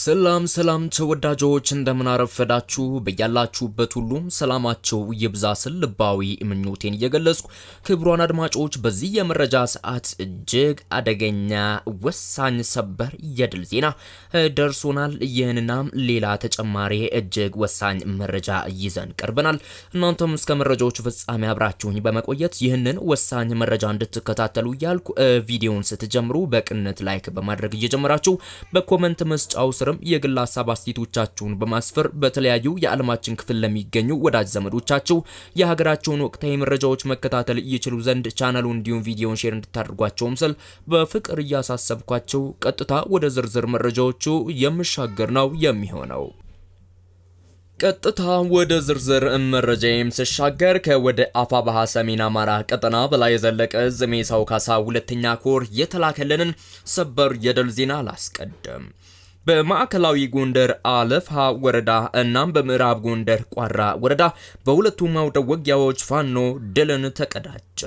ሰላም ሰላም ተወዳጆች እንደምን አረፈዳችሁ። በያላችሁበት ሁሉም ሰላማቸው ይብዛ ስል ልባዊ ምኞቴን እየገለጽኩ ክቡራን አድማጮች በዚህ የመረጃ ሰዓት እጅግ አደገኛ ወሳኝ ሰበር የድል ዜና ደርሶናል። ይህንናም ሌላ ተጨማሪ እጅግ ወሳኝ መረጃ ይዘን ቀርበናል። እናንተም እስከ መረጃዎቹ ፍጻሜ አብራችሁኝ በመቆየት ይህንን ወሳኝ መረጃ እንድትከታተሉ እያልኩ ቪዲዮን ስትጀምሩ በቅንነት ላይክ በማድረግ እየጀመራችሁ በኮመንት መስጫው ስርም የግል ሀሳብ አስተያየቶቻችሁን በማስፈር በተለያዩ የዓለማችን ክፍል ለሚገኙ ወዳጅ ዘመዶቻችሁ የሀገራቸውን ወቅታዊ መረጃዎች መከታተል ይችሉ ዘንድ ቻናሉ እንዲሁም ቪዲዮን ሼር እንድታደርጓቸውም ስል በፍቅር እያሳሰብኳቸው ቀጥታ ወደ ዝርዝር መረጃዎቹ የምሻገር ነው የሚሆነው። ቀጥታ ወደ ዝርዝር መረጃዬም ስሻገር ከወደ አፋባሃ ሰሜን አማራ ቀጠና በላይ የዘለቀ ዘሜሳው ካሳ ሁለተኛ ኮር የተላከልንን ሰበር የደል ዜና አላስቀድም። በማዕከላዊ ጎንደር አለፍሃ ወረዳ እናም በምዕራብ ጎንደር ቋራ ወረዳ በሁለቱም አውደ ውጊያዎች ፋኖ ድልን ተቀዳጀ።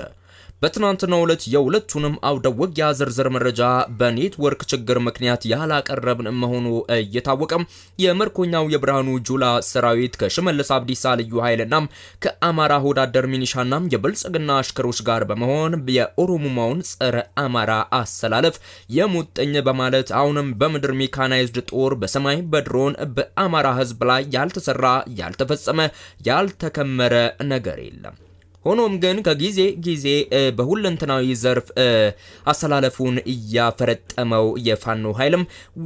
በትናንትናው ዕለት የሁለቱንም አውደ ውጊያ ዝርዝር መረጃ በኔትወርክ ችግር ምክንያት ያላቀረብን መሆኑ እየታወቀም የመርኮኛው የብርሃኑ ጁላ ሰራዊት ከሽመልስ አብዲሳ ልዩ ኃይልና ከአማራ ሆዳደር ሚኒሻና የብልጽግና አሽከሮች ጋር በመሆን የኦሮሙማውን ጸረ አማራ አሰላለፍ የሙጥኝ በማለት አሁንም በምድር ሜካናይዝድ ጦር በሰማይ በድሮን በአማራ ህዝብ ላይ ያልተሰራ ያልተፈጸመ ያልተከመረ ነገር የለም። ሆኖም ግን ከጊዜ ጊዜ በሁለንተናዊ ዘርፍ አሰላለፉን እያፈረጠመው የፋኖ ኃይልም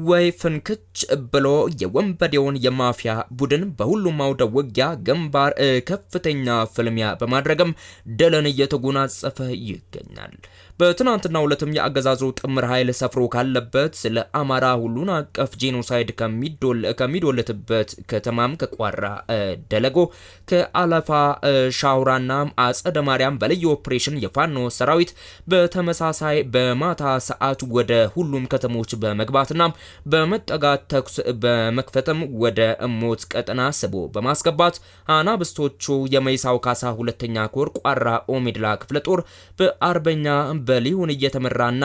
ወይ ፍንክች ብሎ የወንበዴውን የማፊያ ቡድን በሁሉም አውደ ውጊያ ግንባር ከፍተኛ ፍልሚያ በማድረግም ድልን እየተጎናጸፈ ይገኛል። በትናንትናው ዕለትም የአገዛዙ ጥምር ኃይል ሰፍሮ ካለበት ስለ አማራ ሁሉን አቀፍ ጄኖሳይድ ከሚዶለትበት ከተማም ከቋራ ደለጎ ከአለፋ ሻውራና አጸደ ማርያም በልዩ ኦፕሬሽን የፋኖ ሰራዊት በተመሳሳይ በማታ ሰዓት ወደ ሁሉም ከተሞች በመግባትና በመጠጋት ተኩስ በመክፈትም ወደ እሞት ቀጠና ስቦ በማስገባት አናብስቶቹ የመይሳው ካሳ ሁለተኛ ኮር ቋራ ኦሜድላ ክፍለ ጦር በአርበኛ በሊሁን እየተመራና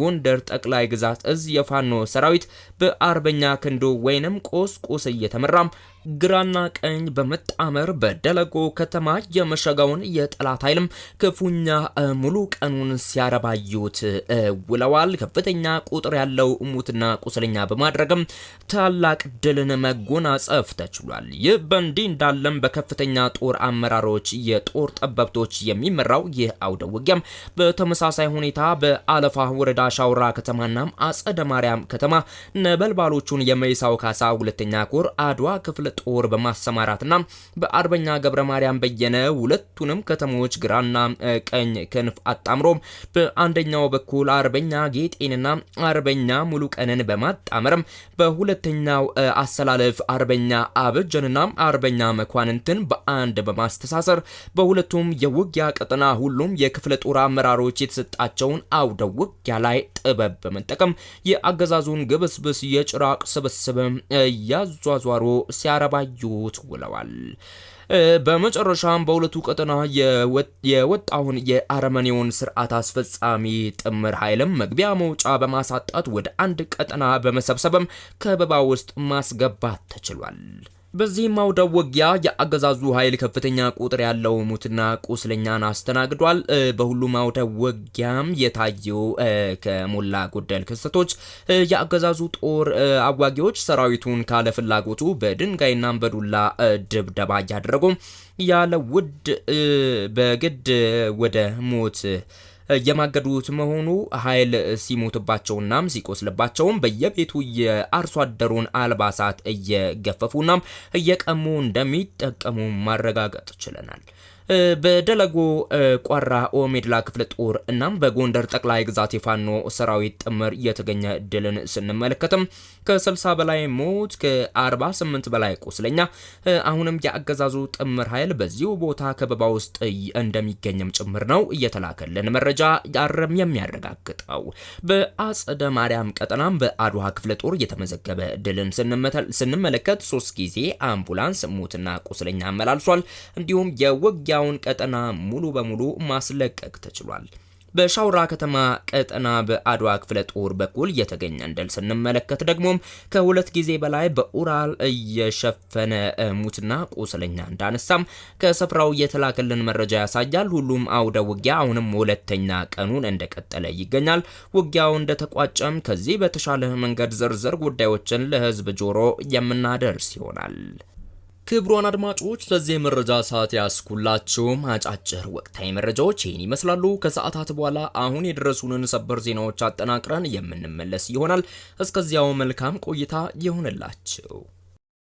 ጎንደር ጠቅላይ ግዛት እዝ የፋኖ ሰራዊት በአርበኛ ክንዶ ወይንም ቆስቆስ እየተመራ ግራና ቀኝ በመጣመር በደለጎ ከተማ የመሸጋውን የጠላት ኃይልም ክፉኛ ሙሉ ቀኑን ሲያረባዩት ውለዋል። ከፍተኛ ቁጥር ያለው ሙትና ቁስለኛ በማድረግም ታላቅ ድልን መጎናጸፍ ተችሏል። ይህ በእንዲህ እንዳለም በከፍተኛ ጦር አመራሮች፣ የጦር ጠበብቶች የሚመራው ይህ አውደ ውጊያም በተመሳሳይ ሁኔታ በአለፋ ወረዳ ሻውራ ከተማና አጸደ ማርያም ከተማ ነበልባሎቹን የመይሳው ካሳ ሁለተኛ ኮር አድዋ ክፍለ ጦር በማሰማራትና በአርበኛ ገብረ ማርያም በየነ ሁለቱንም ከተሞች ግራና ቀኝ ክንፍ አጣምሮ በአንደኛው በኩል አርበኛ ጌጤንና አርበኛ ሙሉ ቀንን በማጣመርም በሁለተኛው አሰላለፍ አርበኛ አበጀንና አርበኛ መኳንንትን በአንድ በማስተሳሰር በሁለቱም የውጊያ ቀጠና ሁሉም የክፍለ ጦር አመራሮች የተሰጣቸውን አውደ ውጊያ ላይ ጥበብ በመጠቀም የአገዛዙን ግብስብስ የጭራቅ ስብስብ እያዟዟሩ ሲያራ ሲያረባዩት ውለዋል። በመጨረሻም በሁለቱ ቀጠና የወጣውን የአረመኔውን ስርዓት አስፈጻሚ ጥምር ኃይልም መግቢያ መውጫ በማሳጣት ወደ አንድ ቀጠና በመሰብሰብም ከበባ ውስጥ ማስገባት ተችሏል። በዚህ አውደ ውጊያ የአገዛዙ ኃይል ከፍተኛ ቁጥር ያለው ሙትና ቁስለኛን አስተናግዷል። በሁሉም አውደ ውጊያም ከሞላ ጎደል ክስተቶች የአገዛዙ ጦር አዋጊዎች ሰራዊቱን ካለ ፍላጎቱ በድንጋይና በዱላ ድብደባ እያደረጉ ያለ ውድ በግድ ወደ ሞት የማገዱት መሆኑ ኃይል ሲሞትባቸውናም ሲቆስልባቸውም በየቤቱ የአርሶ አደሩን አልባሳት እየገፈፉና እየቀሙ እንደሚጠቀሙ ማረጋገጥ ችለናል። በደለጎ ቋራ ኦሜድላ ክፍለ ጦር እናም በጎንደር ጠቅላይ ግዛት የፋኖ ሰራዊት ጥምር የተገኘ ድልን ስንመለከትም ከ60 በላይ ሞት ከ48 በላይ ቁስለኛ፣ አሁንም የአገዛዙ ጥምር ኃይል በዚሁ ቦታ ከበባ ውስጥ እንደሚገኝም ጭምር ነው እየተላከልን መረጃ መረጃ ያረም የሚያረጋግጠው በአጸደ ማርያም ቀጠናም በአድዋ ክፍለ ጦር የተመዘገበ ድልን ስንመለከት ሶስት ጊዜ አምቡላንስ ሙትና ቁስለኛ አመላልሷል። እንዲሁም የውጊያውን ቀጠና ሙሉ በሙሉ ማስለቀቅ ተችሏል። በሻውራ ከተማ ቀጠና በአድዋ ክፍለ ጦር በኩል የተገኘን ድል ስንመለከት ደግሞም ከሁለት ጊዜ በላይ በኡራል እየሸፈነ ሙትና ቁስለኛ እንዳነሳም ከስፍራው እየተላከልን መረጃ ያሳያል። ሁሉም አውደ ውጊያ አሁንም ሁለተኛ ቀኑን እንደቀጠለ ይገኛል። ውጊያው እንደተቋጨም ከዚህ በተሻለ መንገድ ዝርዝር ጉዳዮችን ለህዝብ ጆሮ የምናደርስ ይሆናል። ክቡራን አድማጮች ለዚህ የመረጃ ሰዓት ያስኩላችሁም አጫጭር ወቅታዊ መረጃዎች ይህን ይመስላሉ። ከሰዓታት በኋላ አሁን የደረሱንን ሰበር ዜናዎች አጠናቅረን የምንመለስ ይሆናል። እስከዚያው መልካም ቆይታ ይሆንላችሁ።